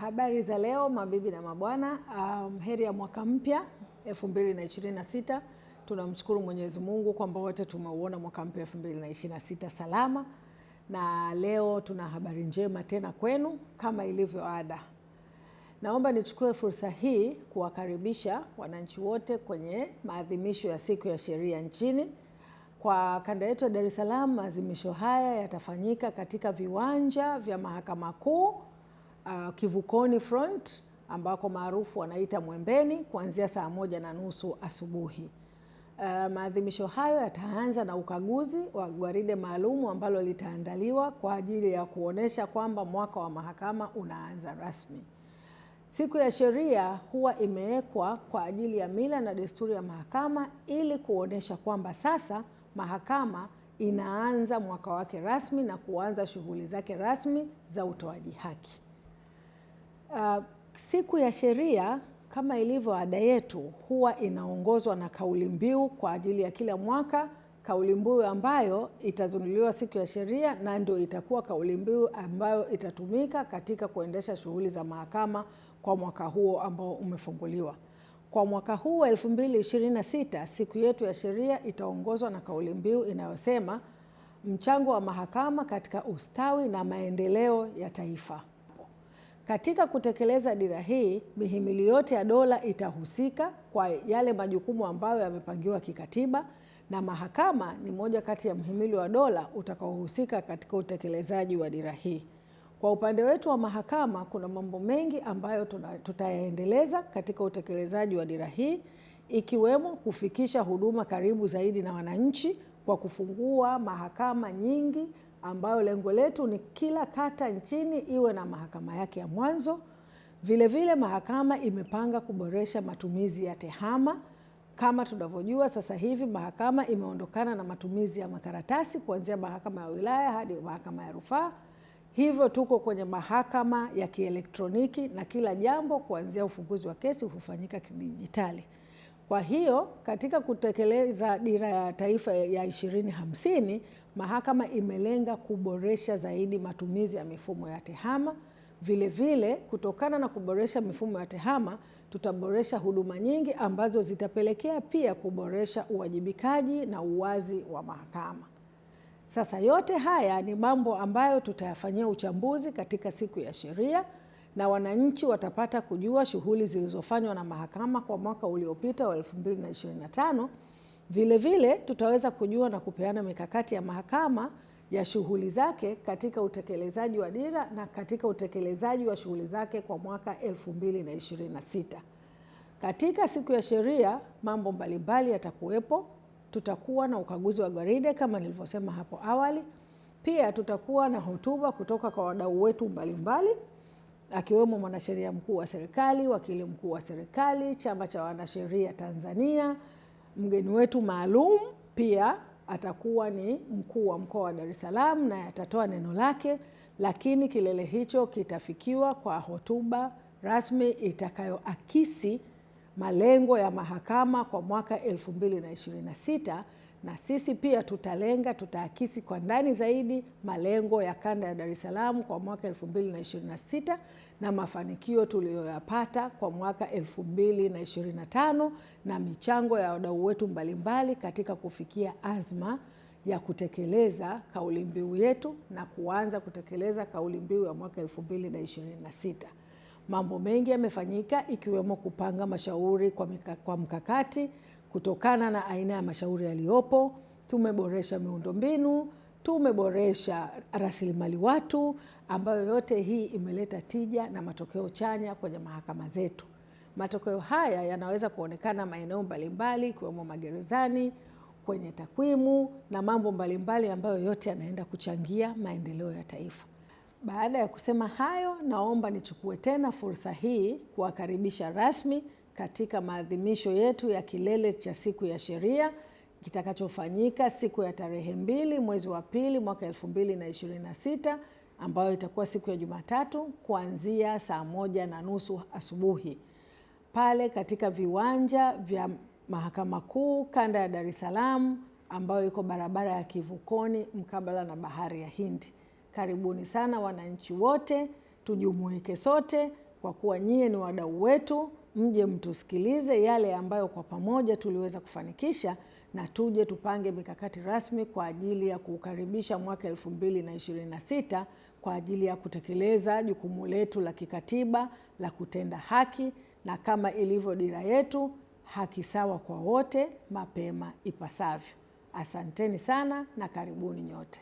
Habari za leo mabibi na mabwana. Um, heri ya mwaka mpya 2026. Tunamshukuru Mwenyezi Mungu kwamba wote tumeuona mwaka mpya 2026 salama, na leo tuna habari njema tena kwenu kama ilivyo ada. Naomba nichukue fursa hii kuwakaribisha wananchi wote kwenye maadhimisho ya siku ya sheria nchini. Kwa kanda yetu ya Dar es Salaam, maadhimisho haya yatafanyika katika viwanja vya Mahakama Kuu uh, Kivukoni Front ambako maarufu wanaita Mwembeni kuanzia saa moja na nusu asubuhi. Uh, maadhimisho hayo yataanza na ukaguzi wa gwaride maalumu ambalo litaandaliwa kwa ajili ya kuonesha kwamba mwaka wa mahakama unaanza rasmi. Siku ya sheria huwa imewekwa kwa ajili ya mila na desturi ya mahakama ili kuonesha kwamba sasa mahakama inaanza mwaka wake rasmi na kuanza shughuli zake rasmi za utoaji haki. Uh, siku ya sheria kama ilivyo ada yetu huwa inaongozwa na kauli mbiu kwa ajili ya kila mwaka, kauli mbiu ambayo itazinduliwa siku ya sheria na ndio itakuwa kauli mbiu ambayo itatumika katika kuendesha shughuli za mahakama kwa mwaka huo ambao umefunguliwa. Kwa mwaka huu wa 2026 siku yetu ya sheria itaongozwa na kauli mbiu inayosema mchango wa mahakama katika ustawi na maendeleo ya taifa. Katika kutekeleza dira hii, mihimili yote ya dola itahusika kwa yale majukumu ambayo yamepangiwa kikatiba, na mahakama ni moja kati ya mhimili wa dola utakaohusika katika utekelezaji wa dira hii. Kwa upande wetu wa mahakama, kuna mambo mengi ambayo tutayaendeleza katika utekelezaji wa dira hii ikiwemo kufikisha huduma karibu zaidi na wananchi kwa kufungua mahakama nyingi ambayo lengo letu ni kila kata nchini iwe na mahakama yake ya mwanzo. Vilevile vile mahakama imepanga kuboresha matumizi ya tehama. Kama tunavyojua sasa hivi mahakama imeondokana na matumizi ya makaratasi kuanzia mahakama ya wilaya hadi mahakama ya rufaa, hivyo tuko kwenye mahakama ya kielektroniki na kila jambo kuanzia ufunguzi wa kesi hufanyika kidijitali. Kwa hiyo katika kutekeleza dira ya taifa ya ishirini hamsini, mahakama imelenga kuboresha zaidi matumizi ya mifumo ya tehama. Vilevile vile, kutokana na kuboresha mifumo ya tehama tutaboresha huduma nyingi ambazo zitapelekea pia kuboresha uwajibikaji na uwazi wa mahakama. Sasa yote haya ni mambo ambayo tutayafanyia uchambuzi katika siku ya sheria na wananchi watapata kujua shughuli zilizofanywa na mahakama kwa mwaka uliopita wa 2025. Vilevile tutaweza kujua na kupeana mikakati ya mahakama ya shughuli zake katika utekelezaji wa dira na katika utekelezaji wa shughuli zake kwa mwaka 2026. Katika siku ya sheria mambo mbalimbali yatakuwepo. Tutakuwa na ukaguzi wa gwaride kama nilivyosema hapo awali. Pia tutakuwa na hotuba kutoka kwa wadau wetu mbalimbali akiwemo mwanasheria mkuu wa serikali, wakili mkuu wa serikali, chama cha wanasheria Tanzania. Mgeni wetu maalum pia atakuwa ni mkuu wa mkoa wa Dar es Salaam, naye atatoa neno lake, lakini kilele hicho kitafikiwa kwa hotuba rasmi itakayoakisi malengo ya mahakama kwa mwaka 2026 na sisi pia tutalenga, tutaakisi kwa ndani zaidi malengo ya kanda ya Dar es Salaam kwa mwaka 2026 na mafanikio tuliyoyapata kwa mwaka 2025 na michango ya wadau wetu mbalimbali katika kufikia azma ya kutekeleza kauli mbiu yetu na kuanza kutekeleza kauli mbiu ya mwaka 2026. Mambo mengi yamefanyika ikiwemo kupanga mashauri kwa, mika, kwa mkakati Kutokana na aina ya mashauri yaliyopo, tumeboresha miundombinu, tumeboresha rasilimali watu, ambayo yote hii imeleta tija na matokeo chanya kwenye mahakama zetu. Matokeo haya yanaweza kuonekana maeneo mbalimbali, ikiwemo magerezani, kwenye takwimu na mambo mbalimbali ambayo yote yanaenda kuchangia maendeleo ya taifa. Baada ya kusema hayo, naomba nichukue tena fursa hii kuwakaribisha rasmi katika maadhimisho yetu ya kilele cha siku ya sheria kitakachofanyika siku ya tarehe mbili mwezi wa pili mwaka elfu mbili na ishirini na sita ambayo itakuwa siku ya Jumatatu kuanzia saa moja na nusu asubuhi pale katika viwanja vya Mahakama Kuu kanda ya Dar es Salaam ambayo iko barabara ya Kivukoni mkabala na Bahari ya Hindi. Karibuni sana wananchi wote, tujumuike sote kwa kuwa nyie ni wadau wetu mje mtusikilize yale ambayo kwa pamoja tuliweza kufanikisha na tuje tupange mikakati rasmi kwa ajili ya kuukaribisha mwaka elfu mbili na ishirini na sita kwa ajili ya kutekeleza jukumu letu la kikatiba la kutenda haki na kama ilivyo dira yetu, haki sawa kwa wote mapema ipasavyo. Asanteni sana na karibuni nyote.